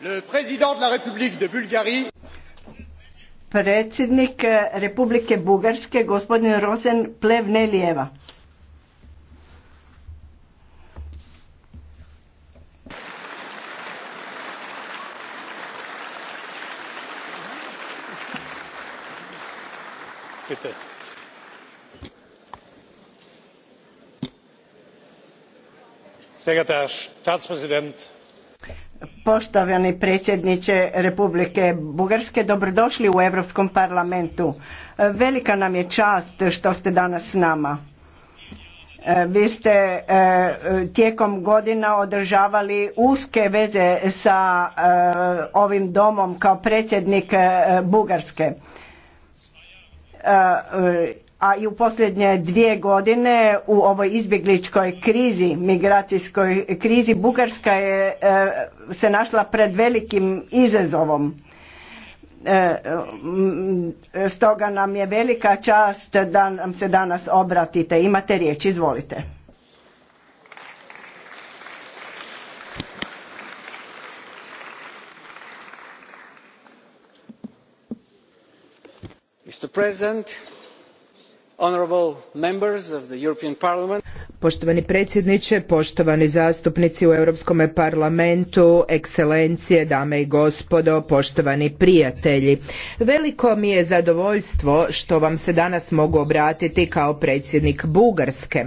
Le président de la République de Bulgarie predsjednik eh, Republike Bugarske, gospodin Rosen Plevnelijeva. Sehr geehrter Herr Staatspräsident Poštovani predsjedniče Republike Bugarske, dobrodošli u Europskom parlamentu. Velika nam je čast što ste danas s nama. E, vi ste e, tijekom godina održavali uske veze sa e, ovim domom kao predsjednik Bugarske a i u posljednje dvije godine u ovoj izbjegličkoj krizi, migracijskoj krizi, Bugarska je e, se našla pred velikim izazovom. E, stoga nam je velika čast da nam se danas obratite. Imate riječ, izvolite. Mr. President, Poštovani predsjedniče, poštovani zastupnici u Europskom parlamentu, ekscelencije, dame i gospodo, poštovani prijatelji. Veliko mi je zadovoljstvo što vam se danas mogu obratiti kao predsjednik Bugarske.